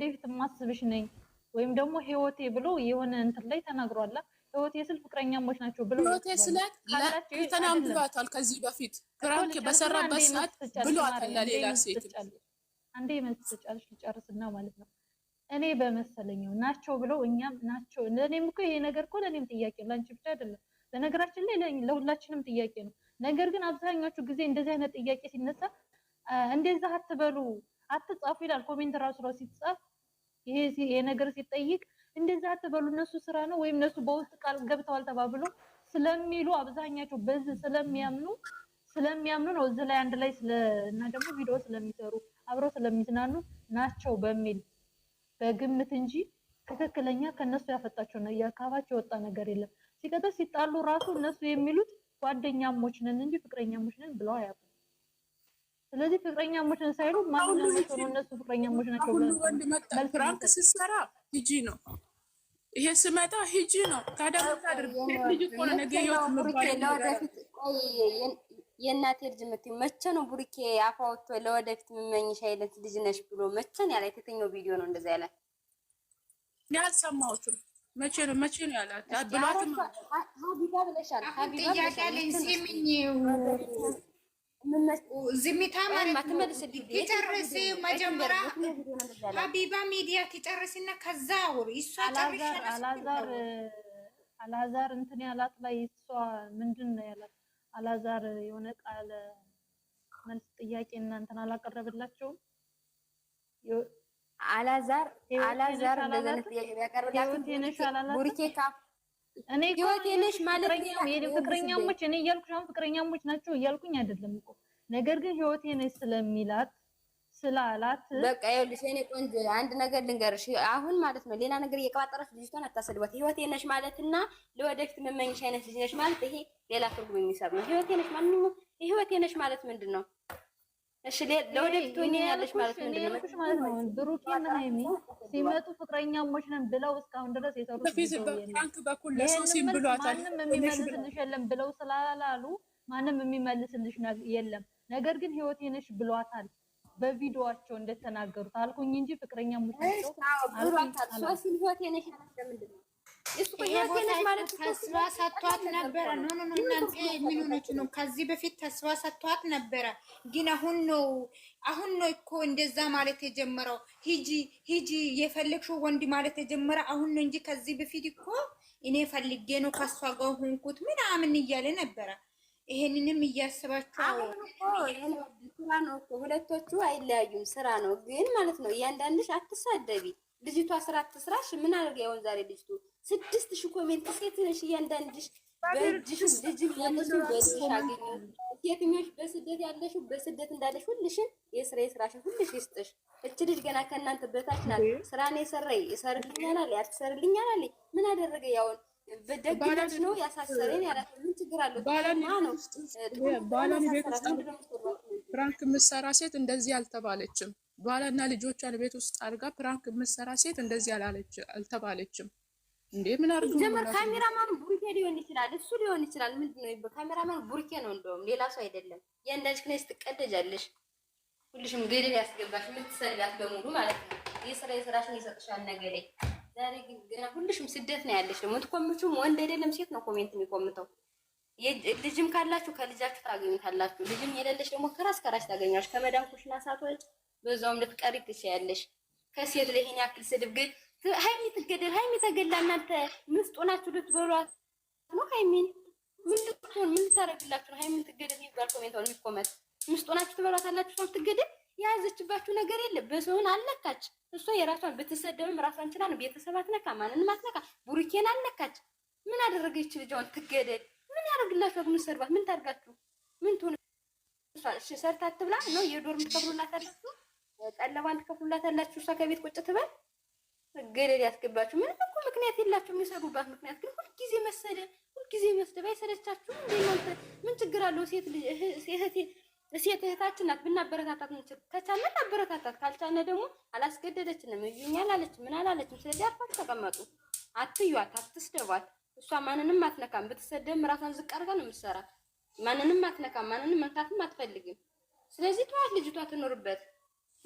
ወደፊት የማስብሽ ነኝ ወይም ደግሞ ህይወቴ ብሎ የሆነ እንትን ላይ ተናግሯላ። ህይወቴ ስል ፍቅረኛሞች ናቸው ብሎ ህይወቴ ስላት ለተናም ብሏታል። ከዚህ በፊት ፕራንክ በሰራበት ሰዓት ብሏታል። ለሌላ ሴት አንዴ መስጫለሽ ልጨርስና ማለት ነው እኔ በመሰለኝው ናቸው ብለው እኛም ናቸው። ለእኔም እኮ ይሄ ነገር እኮ ለእኔም ጥያቄ ነው፣ ለአንቺ ብቻ አይደለም። በነገራችን ላይ ለሁላችንም ጥያቄ ነው። ነገር ግን አብዛኞቹ ጊዜ እንደዚህ አይነት ጥያቄ ሲነሳ እንደዛ አትበሉ አትጻፉ ይላል። ኮሜንት ራሱ ራሱ ሲጻፍ ይሄ ነገር ሲጠይቅ እንደዛ አትበሉ፣ እነሱ ስራ ነው ወይም እነሱ በውስጥ ቃል ገብተዋል ተባብሎ ስለሚሉ አብዛኛቸው በዚህ ስለሚያምኑ ስለሚያምኑ ነው እዚህ ላይ አንድ ላይ እና ደግሞ ቪዲዮ ስለሚሰሩ አብረው ስለሚዝናኑ ናቸው በሚል በግምት እንጂ ትክክለኛ ከእነሱ ያፈጣቸው ነው የአካባቸው የወጣ ነገር የለም። ሲቀጥል ሲጣሉ ራሱ እነሱ የሚሉት ጓደኛሞች ነን እንጂ ፍቅረኛሞች ነን ብለው አያውቁም። ስለዚህ ፍቅረኛሞችን ሳይሉ ማንኛውም ሆኖ እነሱ ፍቅረኛሞች ናቸው ፍራንክ ስሰራ ሂጂ ነው ይሄ ስመጣ ሂጂ ነው። ታዲያ ምታደርግ ልጅ እኮ ነው የእናቴ ልጅ የምትይው መቼ ነው ቡሪኬ አፏ ለወደፊት የምመኝሽ አይነት ልጅ ነሽ ብሎ መቼ ነው ያላት? የትኛው ቪዲዮ ነው እንደዛ ያላት? ያልሰማሁትም መቼ ነው መቼ ነው ያላት? ብሏትም ሀቢባ ብለሻል። ሀቢባ ብለሻል። ዝምታ ማለት ነው። ትጨርስ መጀመሪያ ሀቢባ ሚዲያ ትጨርስና ከዛ አውሪ። እሷ አላዛር እንትን ያላት ላይ እሷ ምንድን ነው ያላት? አላዛር የሆነ ቃለ መልስ ጥያቄ እናንተን አላቀረብላቸውም። አላዛር አላዛር እንደዚህ ዓይነት ጥያቄ ቢያቀርብላችሁ ቡሪኬ እኔ ፍቅረኛሞች እኔ እያልኩሽ አሁን ፍቅረኛሞች ናቸው እያልኩኝ አይደለም እኮ ነገር ግን ህይወቴ ነች ስለሚላት ስላላት በቃ ይኸውልሽ፣ የእኔ ቆንጆ አንድ ነገር ልንገርሽ። አሁን ማለት ነው ሌላ ነገር እየቀባጠረች ልጅቷን አታሰድባት። ህይወቴ ነሽ ማለትና ለወደፊት መመኝሽ አይነት ልጅ ነሽ ማለት ይሄ ሌላ ትርጉም የሚሰብ ነው። ህይወቴ ነሽ ማንኛውም ህይወቴ ነሽ ማለት ምንድን ነው? እሺ ለወደፊቱ እኔ ያለሽ ማለት ነው። ነው። እና ሀይሚ ሲመጡ ፍቅረኛሞች ነን ብለው እስካሁን ድረስ የሰሩት ማንም የሚመልስልሽ የለም ብለው ስላላሉ ማንም የሚመልስልሽ የለም። ነገር ግን ህይወቴ ነሽ ብሏታል። በቪዲዮዋቸው እንደተናገሩት አልኩኝ እንጂ ፍቅረኛሞች ናቸው። ተስፋ ሰጥቷት ነበረ። ኖ ኖ እናንተ ምን ሆነች ነው? ከዚህ በፊት ተስፋ ሰጥቷት ነበረ፣ ግን አሁን ነው አሁን ነው እኮ እንደዛ ማለት የጀመረው። ሂጂ ሂጂ የፈለግሽው ወንድ ማለት የጀመረ አሁን ነው እንጂ ከዚህ በፊት እኮ እኔ ፈልጌ ነው ከሷ ጋር ሆንኩት ምናምን እያለ ነበረ። ይሄንንም እያስባችሁ አሁን ስራ ነው እኮ ሁለቶቹ አይለያዩም። ስራ ነው ግን ማለት ነው። እያንዳንድሽ አትሳደቢ። ልጅቷ ስራ አትስራሽ ምን አድርገ ያውን ዛሬ ልጅቱ ስድስት ሺ ኮሜንት ሴት ነሽ እያንዳንድሽ በእጅሽም ልጅም ያለሽው በልሽ አገኘ ሴትኞች በስደት ያለሽው በስደት እንዳለሽ ሁልሽን የስራ የስራሽን ሁልሽ ይስጥሽ። እች ልጅ ገና ከእናንተ በታች ናት። ስራን የሰራ ይሰርልኛል ያትሰርልኛል አለ ምን አደረገ? ያውን በደግነት ነው ያሳሰረን ያላት ምን ችግር አለው? ነው ባሏን ቤት ውስጥ ፍራንክ የምትሰራ ሴት እንደዚህ አልተባለችም። ባሏና ልጆቿን ቤት ውስጥ አድርጋ ፍራንክ የምትሰራ ሴት እንደዚህ አልተባለችም። እንዴ ምን አርጉ ጀመር ካሜራማን ቡርኬ ሊሆን ይችላል፣ እሱ ሊሆን ይችላል። ምንድነው ይበ ካሜራማን ቡርኬ ነው፣ እንደውም ሌላ ሰው አይደለም። የእንዳጅ ክነስ ትቀደጃለሽ፣ ሁልሽም ገደል ያስገባሽ የምትሰሪያት በሙሉ ማለት ነው። የስራ የስራሽን ይሰጥሻል ነገሬ። ዛሬ ግን ገና ሁልሽም ስደት ነው ያለሽ። ደግሞ ትኮምቹም ወንድ አይደለም ሴት ነው ኮሜንት የሚቆምተው። ልጅም ካላችሁ ከልጃችሁ ታገኙታላችሁ። ልጅም የሌለሽ ደግሞ ከራስ ከራስ ታገኛለሽ። ከመዳም ኩሽና ሳትወጪ በዛውም ልትቀሪ ትችያለሽ። ከሴት ላይ ያክል ስድብ ግን ሀይሚ ትገደል። ሀይሚ ተገላ። እናንተ ምስጡ ናችሁ ልትበሏት ነው? ሀይሚን ምን ልትሆን ምን ልታደርግላችሁ ነው? ሀይሚን ትገደል ይባል ኮሜንት ነው የሚቆመጥ። ምስጡ ናችሁ ትበሏት አላችሁ ሰው ትገደል። የያዘችባችሁ ነገር የለም። በሰውን አልነካች እሷ የራሷን ብትሰደብም ራሷን ችላ ነው። ቤተሰብ አትነካ፣ ማንንም አትነካ። ቡሩኬን አልነካች። ምን አደረገች ልጅ? ትገደል። ምን ያደርግላችሁ? ምን ሰርባት? ምን ታርጋችሁ? ምን ትሆን? እሺ ሰርታት ትብላ ነው የዶርም ትከፍሉላት ጠለባን ጠለቧን ትከፍሉላት እሷ ከቤት ቁጭ ትበል ገደል ያስገባችሁ። ምንም እኮ ምክንያት የላችሁ። የሚሰሩባት ምክንያት ግን ሁልጊዜ መሰደ ሁልጊዜ መስደብ አይሰለቻችሁ? እናንተ ምን ችግር አለው? ሴት ሴት እህታችን ናት፣ ብናበረታታት ምንችል ከቻለ አበረታታት፣ ካልቻለ ደግሞ አላስገደደችንም፣ እዩኝ አላለችም፣ ምን አላለችም። ስለዚህ አርፋችሁ ተቀመጡ። አትዩዋት፣ አትስደቧት። እሷ ማንንም አትነካም። ብትሰደብም ራሷን ዝቅ አድርጋ ነው የምትሰራ። ማንንም አትነካም፣ ማንንም መንካትም አትፈልግም። ስለዚህ ተዋት፣ ልጅቷ ትኖርበት።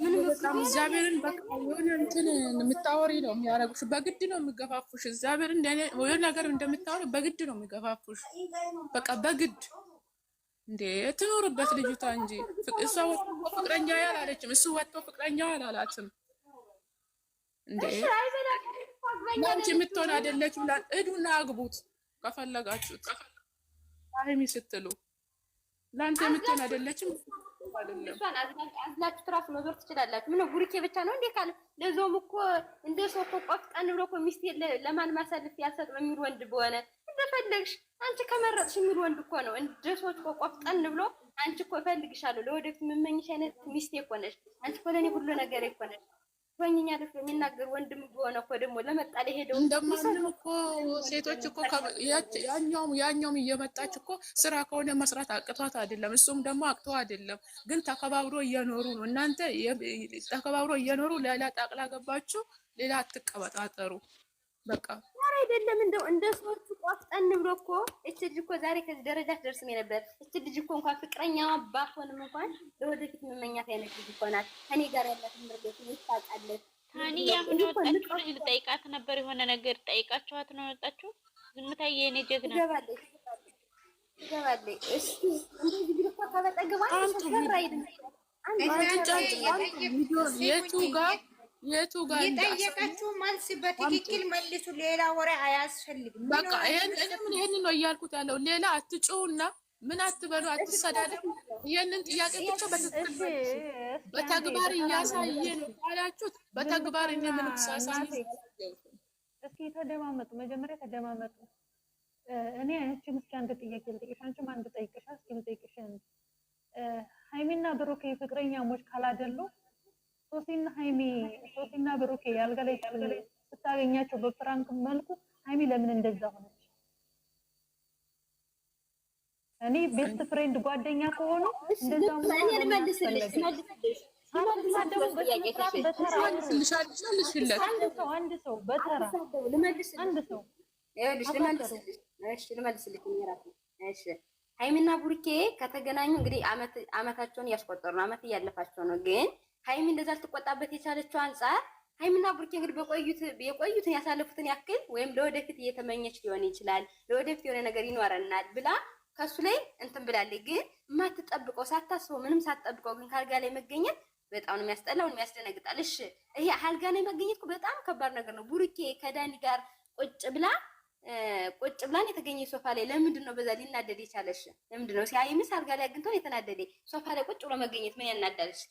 እግዚአብሔርን በቃ የሆነ እንትን የምታወሪ ነው የሚያደርጉሽ። በግድ ነው የሚገፋፉሽ። እግዚአብሔርን የሆነ ነገር እንደምታወሪ በግድ ነው የሚገፋፉሽ። በቃ በግድ እንዴ ትኖርበት ልጅቷ እንጂ እሷ ወጥቶ ፍቅረኛ ያላለችም፣ እሱ ወጥቶ ፍቅረኛ ያላላትም። እንዴ አንቺ የምትሆን አይደለች ላ እዱና አግቡት ከፈለጋችሁት ሚ ስትሉ ለአንተ የምትሆን አይደለችም እሷን አዝላችሁ ትራሱ መዞር ትችላላችሁ። ምነው ጉሪኬ ብቻ ነው እንዴ? ካለ ለዞም እኮ እንደ ሰው እኮ ቆፍጠን ብሎ እኮ ሚስቴ ለማንም አሳልፌ አልሰጥም የሚል ወንድ በሆነ እንደፈለግሽ አንቺ ከመረጥሽ የሚል ወንድ እኮ ነው። እንደ ሰዎች እኮ ቆፍጠን ብሎ አንቺ እኮ እፈልግሻለሁ፣ ለወደፊት የምመኝሽ አይነት ሚስቴ እኮ ነሽ። አንቺ እኮ ለእኔ ሁሉ ነገር እኮ ነሽ። ወኝኛ ልፍ የሚናገር ወንድም ሆነ እኮ ደግሞ ለመጣ ለሄደው እንደማንም እኮ ሴቶች እኮ ያኛውም ያኛውም እየመጣች እኮ ስራ ከሆነ መስራት አቅቷት አይደለም፣ እሱም ደግሞ አቅቶ አይደለም። ግን ተከባብሮ እየኖሩ ነው። እናንተ ተከባብሮ እየኖሩ ሌላ ጣቅላ ገባችሁ፣ ሌላ አትቀበጣጠሩ። በቃ አይደለም እንደው እንደ ሰዎቹ ቆፍጠን ብሎ እኮ እች ልጅ እኮ ዛሬ ከዚህ ደረጃ ትደርስም የነበር እች ልጅ እኮ እንኳን ፍቅረኛዋ ባትሆንም እንኳን ለወደፊት መመኛት አይነት ልጅ እኮ ናት። ከኔ ጋር ያላት ምርቤት ይታቃለች። ታኒያ ምን ወጣችሁ? ልጅ ልጠይቃት ነበር የሆነ ነገር ጠይቃችኋት ነው ወጣችሁ? ዝምታዬ የኔ ጀግና ገባለች ገባለች። እሺ እንደዚህ ልጅ እኮ ካበጠገባ አንተ አንተ አንተ ልጅ የቱ ጋር የቱ ጋር የጠየቀችው መልስ በትክክል መልሱ። ሌላ ወሬ አያስፈልግም። በቃ ይሄንን ነው እያልኩት ያለው። ሌላ አትጩውና ምን አትበሉ፣ አትሰዳደ። ይሄንን ጥያቄ ብቻ በተግባር እያሳየ ነው ያላችሁት። በተግባር እኛ ምን ተሳሳ። እስኪ ተደማመጡ፣ መጀመሪያ ተደማመጡ። እኔ አንቺም እስኪ አንድ ጥያቄ ልጠይቅሽ፣ አንቺም አንድ ጠይቅሻ፣ እስኪ ልጠይቅሽ። ፍቅረኛሞች ካላደሉ ሶሲና ሃይሚ ሶሲና ብሩኬ ያልጋ ላይ ስታገኛቸው በፍራንክ መልኩ ሃይሚ ለምን እንደዛ ሆነች? እኔ ቤስት ፍሬንድ ጓደኛ ከሆኑ እንደዛ አንድ ሰው በተራ አንድ ሰው ልመልስልሽ ራሴ እሺ ሃይሚና ቡርኬ ከተገናኙ እንግዲህ አመት አመታቸውን እያስቆጠሩ ነው። አመት እያለፋቸው ነው ግን ሀይሚ እንደዛ ልትቆጣበት የቻለችው አንጻር ሀይሚና ብሩኬ እንግዲህ በቆዩት የቆዩትን ያሳለፉትን ያክል ወይም ለወደፊት እየተመኘች ሊሆን ይችላል ለወደፊት የሆነ ነገር ይኖረናል ብላ ከሱ ላይ እንትን ብላለች። ግን የማትጠብቀው ሳታስበው ምንም ሳትጠብቀው ግን ካልጋ ላይ መገኘት በጣም ነው የሚያስጠላውን የሚያስደነግጣል። እሺ ይሄ አልጋ ላይ መገኘት በጣም ከባድ ነገር ነው። ቡሩኬ ከዳኒ ጋር ቁጭ ብላ ቁጭ ብላን የተገኘ ሶፋ ላይ ለምንድን ነው በዛ ሊናደድ የቻለሽ? ለምንድን ነው ሲያይምስ አልጋ ላይ አግኝቶ የተናደደ ሶፋ ላይ ቁጭ ብሎ መገኘት ምን ያናዳልሽ?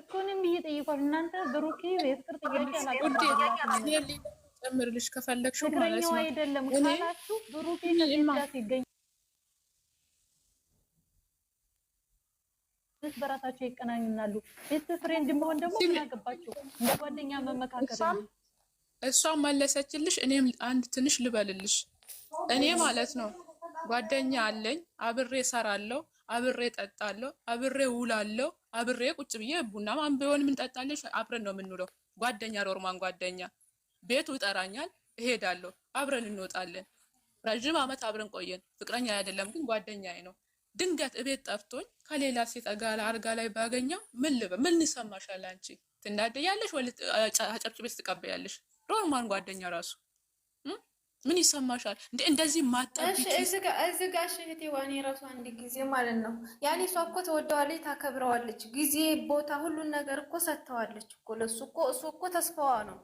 እኮንም እየጠየኳት እናንተ ብሩኬ የፍቅር ጥያቄ ጨምርልሽ ከፈለግሽው ማለት ነው። አይደለም ካላችሁ ብሩኬ ይገኝ በራሳቸው ፍሬንድ መሆን ደግሞ ምን አገባቸው? እንደ ጓደኛ መለሰችልሽ። እኔም አንድ ትንሽ ልበልልሽ። እኔ ማለት ነው ጓደኛ አለኝ፣ አብሬ ሰራለሁ፣ አብሬ ጠጣለሁ፣ አብሬ ውላለሁ አብሬ ቁጭ ብዬ ቡና ማን ቢሆን ምንጠጣለሽ፣ አብረን ነው የምንውለው። ጓደኛ ሮርማን ጓደኛ ቤቱ ይጠራኛል፣ እሄዳለሁ፣ አብረን እንወጣለን። ረዥም ዓመት አብረን ቆየን። ፍቅረኛ አይደለም ግን ጓደኛዬ ነው። ድንገት እቤት ጠፍቶኝ ከሌላ ሴት ጋር አልጋ ላይ ባገኘው ምን ልበ ምን ይሰማሻል አንቺ ትናደያለሽ ወይ አጨብጭቤ ትቀበያለሽ? ሮርማን ጓደኛ ራሱ ምን ይሰማሻል? እንደዚህ ማጣት እዚህ ጋር ዋኔ ራሱ አንድ ጊዜ ማለት ነው ያኔ እሷ እኮ ተወደዋለች፣ ታከብረዋለች፣ ጊዜ ቦታ፣ ሁሉን ነገር እኮ ሰጥተዋለች እኮ ለሱ እኮ እሱ እኮ ተስፋዋ ነው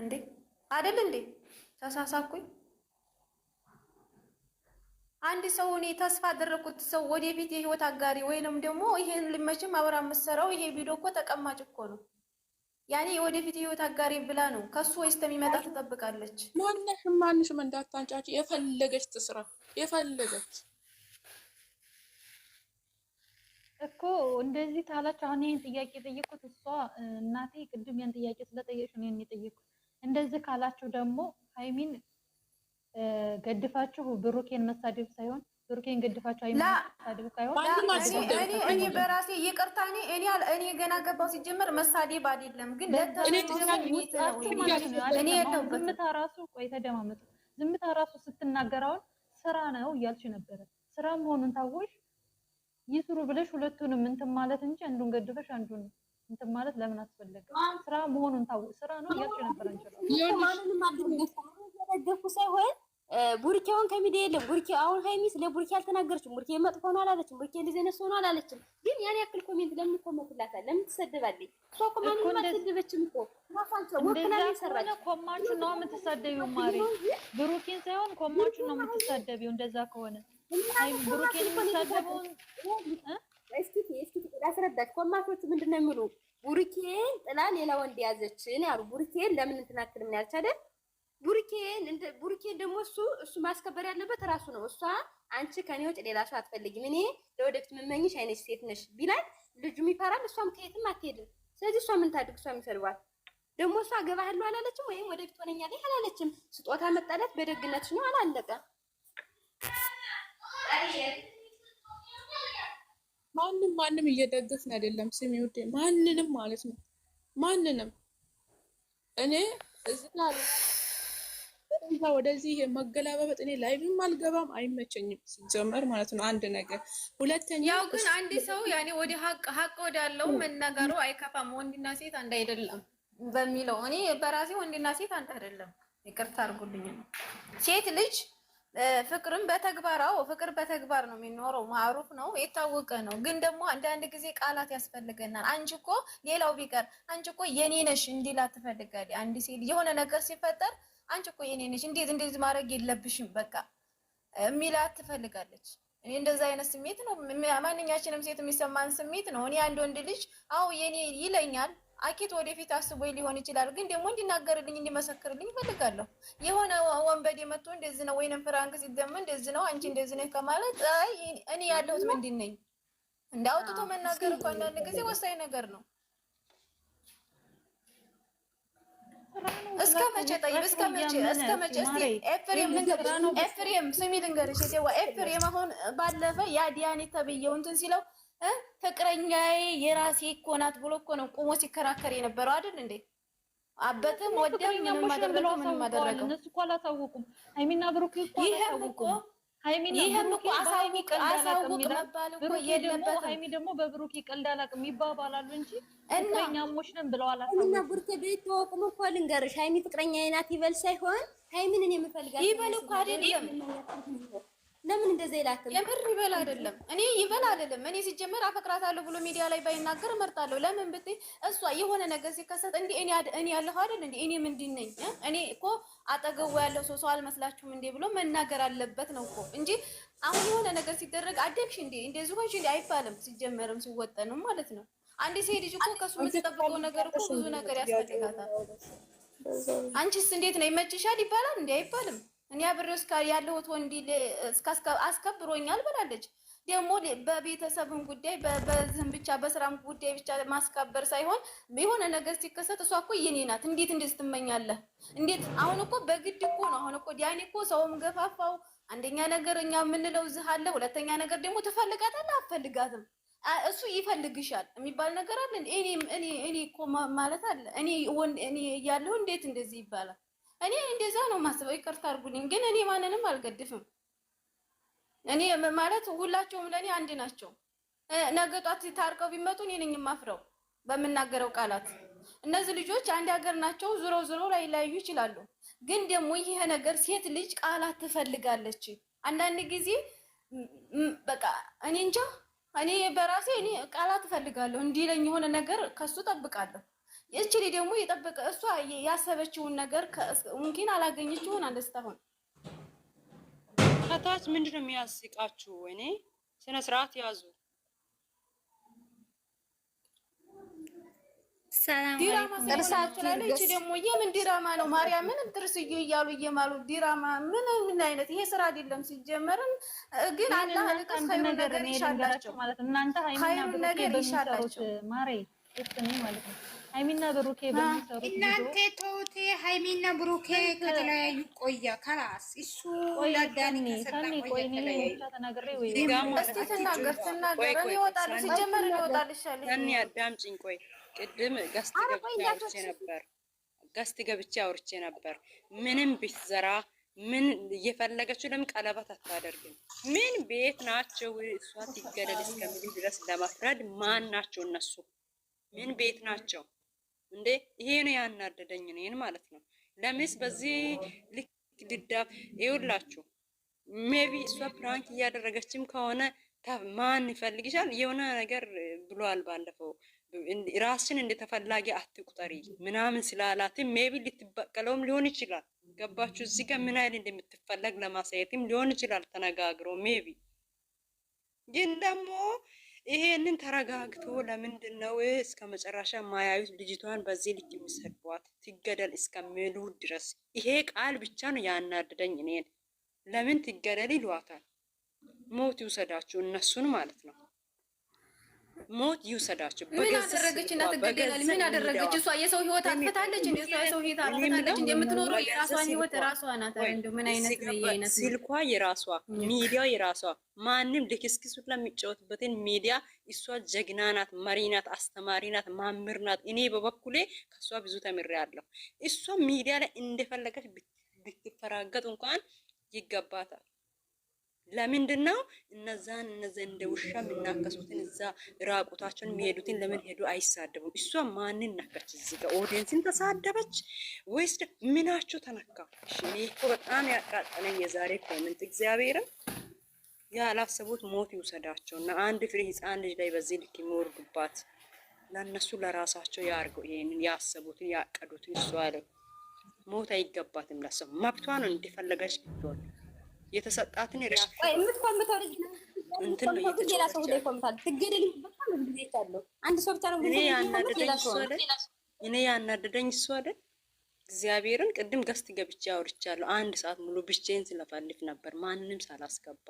እንዴ አደል እንዴ? ተሳሳኩኝ። አንድ ሰው እኔ ተስፋ አደረኩት ሰው ወደፊት የህይወት አጋሪ ወይንም ደግሞ ይሄን ልመችም አብራ የምትሰራው ይሄ ቪዲዮ እኮ ተቀማጭ እኮ ነው። ያኔ የወደፊት ህይወት አጋሪ ብላ ነው ከሱ ወይስ ተሚመጣ ትጠብቃለች። ማንሽ ማንሽም እንዳታንጫጭ፣ የፈለገች ትስራ፣ የፈለገች እኮ እንደዚህ ታላችሁ። አሁን ይህን ጥያቄ የጠየቁት እሷ እናቴ ቅድም ያን ጥያቄ ስለጠየቅሽ ነው የጠየቁት። እንደዚህ ካላችሁ ደግሞ ሀይሚን ገድፋችሁ ብሩኬን መሳደብ ሳይሆን ብሩኬ እንገድፋቸው እኔ በራሴ ይቅርታ እኔ እኔ እኔ ገና ገባው ሲጀመር መሳደብ አይደለም ግን እኔ ዝምታ ራሱ ቆይ ተደማመጡ ዝምታ ራሱ ስትናገር ስራ ነው እያልሽ ነበረ ስራ መሆኑን ታወሽ ይስሩ ብለሽ ሁለቱንም እንትን ማለት እንጂ አንዱን ገድፈሽ አንዱን እንትን ማለት ለምን አስፈለገ? ስራ መሆኑን ታወሽ ስራ ነው እያልሽ ነበረ እንጂ ነው ማንንም አድርገሽ ሳይሆን ቡርኬውን አሁን ከሚዲያ የለም። ቡርኬ አሁን ሀይሚ ስለ ቡርኬ አልተናገረችም። ቡርኬ መጥፎ ነው አላለችም። ቡርኬ እንደዚህ ነሱ ነው አላለችም። ግን ያን ያክል ኮሜንት ለምን ይኮመትላታል? ለምን ትሰደባለች? እሷ እኮ ማንንም አልሰደበችም እኮ ኮማችሁ ነው የምትሰደቢው። ማሪ ቡርኬን ሳይሆን ኮማችሁ ነው የምትሰደቢው። እንደዛ ከሆነ አይ ብሩኬን የምትሰደበውን እስኪ እስኪ ላስረዳች። ኮማቾቹ ምንድን ነው የሚሉ ቡርኬን ጥላ ሌላ ወንድ ያዘችን ያሉ ቡርኬን ለምን እንትናክል አክል ምን ያልቻለን ቡርኬን እንደ ቡርኬን ደግሞ እሱ እሱ ማስከበር ያለበት ራሱ ነው። እሷ አንቺ ከኔ ውጭ ሌላ ሰው አትፈልጊም፣ እኔ ለወደፊት የምመኝሽ አይነት ሴት ነሽ ቢላል ልጁም ይፈራል፣ እሷም ከየትም አትሄድም። ስለዚህ እሷ ምን ታድግ? እሷ የሚሰድቧት ደግሞ እሷ አገባሃለሁ አላለችም፣ ወይም ወደፊት ሆነኛለች አላለችም። ስጦታ መጣለት በደግነትሽ ነው አላለቀ ማንም ማንም እየደገፍን አይደለም። ስሚ ውዴ፣ ማንንም ማለት ነው ማንንም እኔ እዚህ ከዛ ወደዚህ መገላበጥ እኔ ላይቭም አልገባም፣ አይመቸኝም ሲጀመር ማለት ነው። አንድ ነገር ሁለተኛ፣ ያው ግን አንድ ሰው ያኔ ወደ ሀቅ ሀቅ ወዳለው መናገሩ አይከፋም። ወንድና ሴት አንድ አይደለም በሚለው እኔ በራሴ ወንድና ሴት አንድ አይደለም፣ ይቅርታ አድርጉልኝ። ሴት ልጅ ፍቅርም በተግባራው ፍቅር በተግባር ነው የሚኖረው። ማሩፍ ነው የታወቀ ነው። ግን ደግሞ አንዳንድ ጊዜ ቃላት ያስፈልገናል። አንቺ እኮ ሌላው ቢቀር አንቺ እኮ የኔ ነሽ እንዲላት ትፈልጋለች አንድ ሴት የሆነ ነገር ሲፈጠር አንቺ እኮ የኔ ነሽ፣ እንዴት እንዴት ማድረግ የለብሽም በቃ የሚላት ትፈልጋለች። እኔ እንደዛ አይነት ስሜት ነው ማንኛችንም ሴት የሚሰማን ስሜት ነው። እኔ አንድ ወንድ ልጅ አዎ የኔ ይለኛል አኬት ወደፊት አስቦ ሊሆን ይችላል፣ ግን ደግሞ እንዲናገርልኝ እንዲመሰክርልኝ ይፈልጋለሁ። የሆነ ወንበዴ መጥቶ እንደዚህ ነው ወይንም ፍራንክ ሲደም እንደዚህ ነው አንቺ እንደዚህ ነው ከማለት እኔ ያለሁት ምንድን ነኝ? እንዳውጥቶ መናገር እኮ አንዳንድ ጊዜ ወሳኝ ነገር ነው። እስከ መቼ ጠይብ እስከ መቼ እስከ መቼ እስቲ ኤፍሬም ኤፍሬም ስሚ ልንገርሽ ሴዋ ኤፍሬም አሁን ባለፈ ያ ዲያኔ ተብዬው እንትን ሲለው ፍቅረኛዬ የራሴ እኮ ናት ብሎ እኮ ነው ቁሞ ሲከራከር የነበረው አይደል እንዴ? አበትም ወደ ምንም አደረገው ምንም አደረገው። እነሱ እኮ አላሳወቁም። አይሚና ብሩክ እኮ አላሳወቁም። ይህም እኮ አሳውቅ መባል እኮ የለበትም። ሀይሚ ደግሞ በብሩክ ይቀልድ አላውቅም ይባባላሉ እንጂ ፍቅረኛ ሞች ነን ብለዋል። እና ቡርክ ቤት ተወቁም እኮ ልንገርሽ፣ ሀይሚ ፍቅረኛ ናት ይበል ሳይሆን ሀይሚን እኔ የምፈልጋት ይበል እኮ አይደለም ለምን እንደዚህ ይላክም? የምር ይበል አይደለም እኔ ይበል አይደለም እኔ ሲጀመር አፈቅራታለሁ ብሎ ሚዲያ ላይ ባይናገር እመርጣለሁ። ለምን ብትይ እሷ የሆነ ነገር ሲከሰት እንዴ እኔ እኔ ያለሁ አይደል እንዴ እኔ ምንድን ነኝ እኔ እኮ አጠገቡ ያለው ሰው ሰው አልመስላችሁም እንዴ ብሎ መናገር አለበት ነው እኮ እንጂ አሁን የሆነ ነገር ሲደረግ አደግሽ እንዴ እንደዚህ ሆንሽ እንዴ አይባልም። ሲጀመርም ሲወጠንም ማለት ነው። አንዴ ሴት ልጅ እኮ ከሱ የምትጠብቀው ነገር እኮ ብዙ ነገር ያስፈልጋታል። አንቺስ እንዴት ነው ይመችሻል ይባላል እንዴ አይባልም። እኔ አብሬው እስካ ያለሁት ወንድ አስከብሮኛል ብላለች። ደግሞ በቤተሰብም ጉዳይ በዝም ብቻ በስራም ጉዳይ ብቻ ማስከበር ሳይሆን የሆነ ነገር ሲከሰት እሷ እኮ የኔ ናት፣ እንዴት እንዴት ትመኛለህ? እንዴት አሁን እኮ በግድ እኮ ነው። አሁን እኮ ዲያኔ እኮ ሰውም ገፋፋው። አንደኛ ነገር እኛ የምንለው ዝህ አለ። ሁለተኛ ነገር ደግሞ ትፈልጋታለህ አትፈልጋትም? እሱ ይፈልግሻል የሚባል ነገር አለ። እኔ እኔ እኔ እኮ ማለት አለ እኔ እኔ እያለሁ እንዴት እንደዚህ ይባላል? እኔ እንደዛ ነው ማስበው። ይቅርታ አድርጉልኝ፣ ግን እኔ ማንንም አልገድፍም። እኔ ማለት ሁላቸውም ለእኔ አንድ ናቸው። ነገ ጧት ታርቀው ቢመጡ እኔ ነኝ የማፍረው በምናገረው ቃላት። እነዚህ ልጆች አንድ ሀገር ናቸው። ዙሮ ዙሮ ላይ ላዩ ይችላሉ። ግን ደግሞ ይሄ ነገር ሴት ልጅ ቃላት ትፈልጋለች። አንዳንድ ጊዜ በቃ እኔ እንጃ እኔ በራሴ እኔ ቃላት እፈልጋለሁ እንዲለኝ የሆነ ነገር ከሱ ጠብቃለሁ። እችሊ ደግሞ የጠበቀ እሷ ያሰበችውን ነገር ሙምኪን አላገኘችውን አንደስታሁን ከታች ምንድን ነው የሚያስቃችሁ? እኔ ስነ ስርዓት ያዙ። ጥርሳችላለች ደግሞ ይህ ዲራማ ነው? ማርያምን ጥርስዬ እያሉ እየማሉ ዲራማ ምን ምን አይነት ይሄ ስራ አይደለም። ሲጀመርም ግን አላህ ልቀስ ኸይሩን ነገር ይሻላቸው ማለት እናንተ ኸይሩን ነገር ይሻላቸው ማሬ ማለት ነው ሀይሚና ብሩኬ በሚሰሩት እናንተ ተውቴ። ሀይሚና ብሩኬ ከተለያዩ ቆያ ከላስ እሱ ለዳኒ አዳምጪኝ። ቆይ ቅድም ገስት ገብቼ ነበር፣ ገብቼ አውርቼ ነበር። ምንም ቢዘራ ምን እየፈለገችው ለምን ቀለበት አታደርግም? ምን ቤት ናቸው? እሷ ትገደል እስከሚል ድረስ ለመፍረድ ማን ናቸው እነሱ? ምን ቤት ናቸው? እንዴ ይሄ ነው ያናደደኝ እኔን ማለት ነው። ለምስ በዚህ ልክ ድዳ ይውላችሁ ሜቢ እሷ ፕራንክ እያደረገችም ከሆነ ማን ይፈልግሻል? የሆነ ነገር ብሏል ባለፈው ራስን እንደ ተፈላጊ አትቁጠሪ ምናምን ስላላትም ሜቢ ልትበቀለውም ሊሆን ይችላል። ገባችሁ? እዚህ ጋር ምን አይነት እንደምትፈለግ ለማሳየትም ሊሆን ይችላል ተነጋግሮ ሜቢ ግን ደግሞ ይሄንን ተረጋግቶ ለምንድን ነው እስከ መጨረሻ ማያዩት? ልጅቷን በዚህ ልክ የሚሰድቧት ትገደል እስከሚሉ ድረስ ይሄ ቃል ብቻ ነው ያናደደኝ እኔን። ለምን ትገደል ይሏታል? ሞት ይውሰዳችሁ እነሱን ማለት ነው። ሞት ይውሰዳችሁ። ምን አደረገች? እንዳትገደላል። ምን አደረገች? እሷ የሰው ህይወት አጥፍታለች። እንደ እሷ የሰው ህይወት አጥፍታለች። እንደምትኖረው የራሷን ህይወት ራሷ ናት። እንደው ምን አይነት በየአይነት ስልኳ የራሷ ሚዲያ የራሷ ማንም ልክስክስ ሁላ የሚጫወትበትን ሚዲያ እሷ ጀግና ናት፣ መሪ ናት፣ አስተማሪ ናት፣ ማምር ናት። እኔ በበኩሌ ከእሷ ብዙ ተምሬያለሁ። እሷ ሚዲያ ላይ እንደፈለገች ብትፈራገጥ እንኳን ይገባታል። ለምንድን ነው እነዛን እነዚህ እንደ ውሻ የሚናከሱትን እዛ ራቁታቸውን የሚሄዱትን ለምን ሄዱ አይሳደቡም? እሷ ማንን ነካች? እዚ ጋ ኦዲየንስን ተሳደበች ወይስ ምናቸው ተነካ? እኔ እኮ በጣም ያቃጠለኝ የዛሬ ኮመንት እግዚአብሔርም ያላሰቡት ሞት ይውሰዳቸው እና አንድ ፍሬ ህፃን ልጅ ላይ በዚህ ልክ የሚወርዱባት ለእነሱ ለራሳቸው ያርገው። ይሄንን ያሰቡትን ያቀዱትን እሷ ላይ ሞት አይገባትም። ለሰው መብቷ ነው እንዲፈለገች ብትሆን የተሰጣትን የምትኮምተው እኔ ያናደደኝ እሱ አይደል። እግዚአብሔርን ቅድም ገስት ገብቼ አውርቻለሁ። አንድ ሰዓት ሙሉ ብቻዬን ስለፈልፍ ነበር ማንም ሳላስገባ።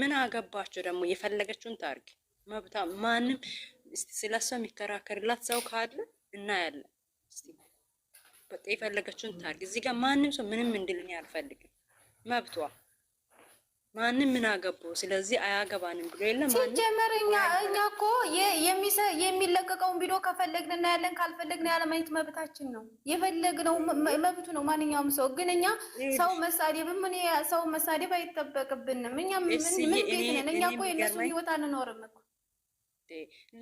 ምን አገባቸው ደግሞ የፈለገችውን ታርግ መብታ። ማንም ስለሷ የሚከራከርላት ሰው ካለ እናያለን። በቃ የፈለገችውን ታርግ። እዚህ ጋር ማንም ሰው ምንም እንድልን አልፈልግም። መብቷ። ማንም ምን አገባው? ስለዚህ አያገባንም ብሎ የለም። ሲጀመር እኛ እኛ እኮ የሚለቀቀውን ቪዲዮ ከፈለግን እናያለን፣ ካልፈለግን ያለማየት መብታችን ነው። የፈለግነው መብቱ ነው ማንኛውም ሰው። ግን እኛ ሰው መሳደብ ምን ሰው መሳደብ አይጠበቅብንም። እኛ ምን ቤት ነን? እኛ እኮ የእነሱን ህይወት አንኖርም እኮ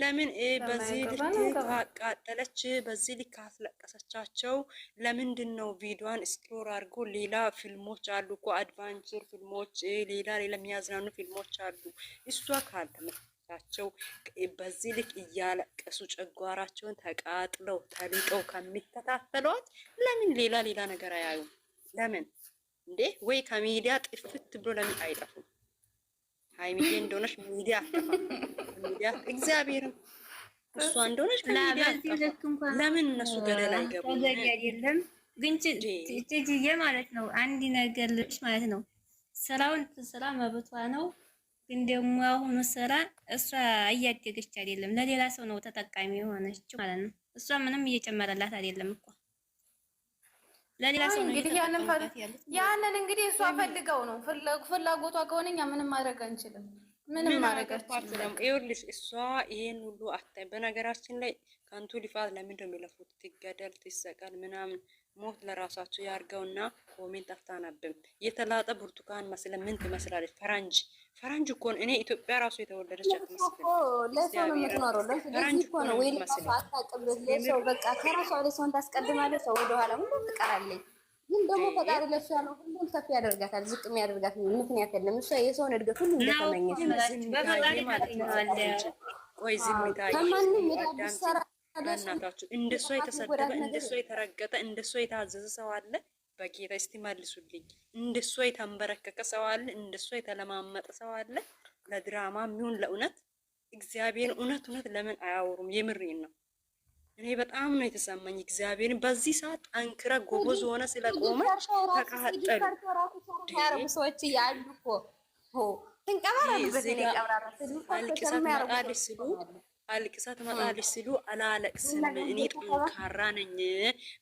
ለምን በዚህ ልክ አቃጠለች? በዚህ ልክ አስለቀሰቻቸው? ለምንድን ነው ቪዲዮን ስክሮል አድርጎ ሌላ ፊልሞች አሉ እኮ አድቫንቸር ፊልሞች፣ ሌላ ሌላ የሚያዝናኑ ፊልሞች አሉ። እሷ ካልተመቻቸው በዚህ ልክ እያለቀሱ ጨጓራቸውን ተቃጥለው ተልቀው ከሚከታተሏት ለምን ሌላ ሌላ ነገር አያዩም? ለምን እንዴ? ወይ ከሚዲያ ጥፍት ብሎ ለምን አይጠፉም? ሀይሚዬ እንደሆነች ሚዲያ ሚዲያ እግዚአብሔር እሷ እንደሆነች ለምን እነሱ ገደል አይገቡም? ግን ጭጅዬ ማለት ነው አንድ ነገር ልጅ ማለት ነው ስራውን ስራ መብቷ ነው። ግን ደግሞ አሁኑ ስራ እሷ እያደገች አይደለም፣ ለሌላ ሰው ነው ተጠቃሚ የሆነች ማለት ነው። እሷ ምንም እየጨመረላት አይደለም እኮ ለሌላ ሰው እንግዲህ ያንን ያንን እንግዲህ እሷ ፈልገው ነው ፍላጎቷ ከሆነ እኛ ምንም ማድረግ አንችልም። ምንም ማድረግ አትችልም። ይኸውልሽ እሷ ይሄን ሁሉ አታይ። በነገራችን ላይ ከንቱ ልፋት ለምንድን ነው የሚለፉት? ትገደል፣ ትሰቀል ምናምን ሞት ለራሳችሁ ያርገውና ኮሜንት አፍታናብን የተላጠ ብርቱካን መስለ ምን ትመስላለች? ፈረንጅ ፈረንጅ እኮ እኔ ኢትዮጵያ ራሱ የተወለደች ግን ደግሞ ፈጣሪ ለሷ ነው ሁሉም ከፍ ያደርጋታል፣ ዝቅ የሚያደርጋት ምክንያት የለም። እሷ የሰውን እድገት ሁሉ እንደተመኘች ነው። ቆይ ዝም እናታችሁ እንደሷ የተሰደበ እንደሷ የተረገጠ እንደሷ የታዘዘ ሰው አለ? በጌታ እስቲ መልሱልኝ። እንደሷ የተንበረከከ ሰው አለ? እንደሷ የተለማመጠ ሰው አለ? ለድራማ የሚሆን ለእውነት እግዚአብሔር እውነት እውነት ለምን አያወሩም? የምሬን ነው። እኔ በጣም ነው የተሰማኝ። እግዚአብሔርን በዚህ ሰዓት ጠንክረ ጎበዝ ሆነ ስለቆመ ተቃጠሉ ሰዎች ያሉ እኮ አልቅሳ ትመጣለች ሲሉ አላለቅስም። እኔ ጠንካራ ነኝ፣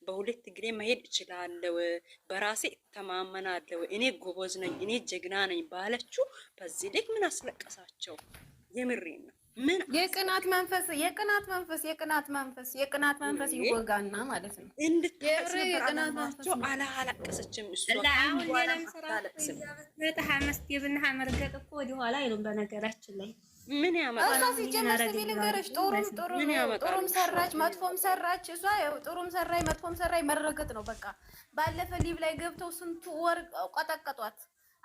በሁለት እግሬ መሄድ እችላለሁ፣ በራሴ እተማመናለሁ፣ እኔ ጎበዝ ነኝ፣ እኔ ጀግና ነኝ ባለችው በዚህ ልክ ምን አስለቀሳቸው? የምሬ ነው። ምን የቅናት መንፈስ የቅናት መንፈስ የቅናት መንፈስ የቅናት መንፈስ ይወጋና ማለት ነው። የቅናት መንፈስ አላለቀሰችም። እሱ ሌላ ስራ ጣ መስቴብና መርገጥ እኮ ወደኋላ አይሉም በነገራችን ላይ ምን ያመጣል? እሷ ሲጀመር ስሚ ልንገርሽ፣ ጥሩም ጥሩም ጥሩም ሰራች መጥፎም ሰራች። እሷ ያው ጥሩም ሰራይ መጥፎም ሰራይ መረገጥ ነው በቃ። ባለፈ ሊብ ላይ ገብተው ስንቱ ወር ቆጠቀጧት።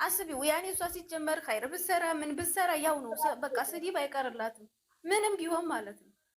አስቢው ያኔ እሷ ሲጀመር ኸይር ብትሰራ ምን ብትሰራ ያው ነው በቃ። ስዲብ አይቀርላትም ምንም ቢሆን ማለት ነው።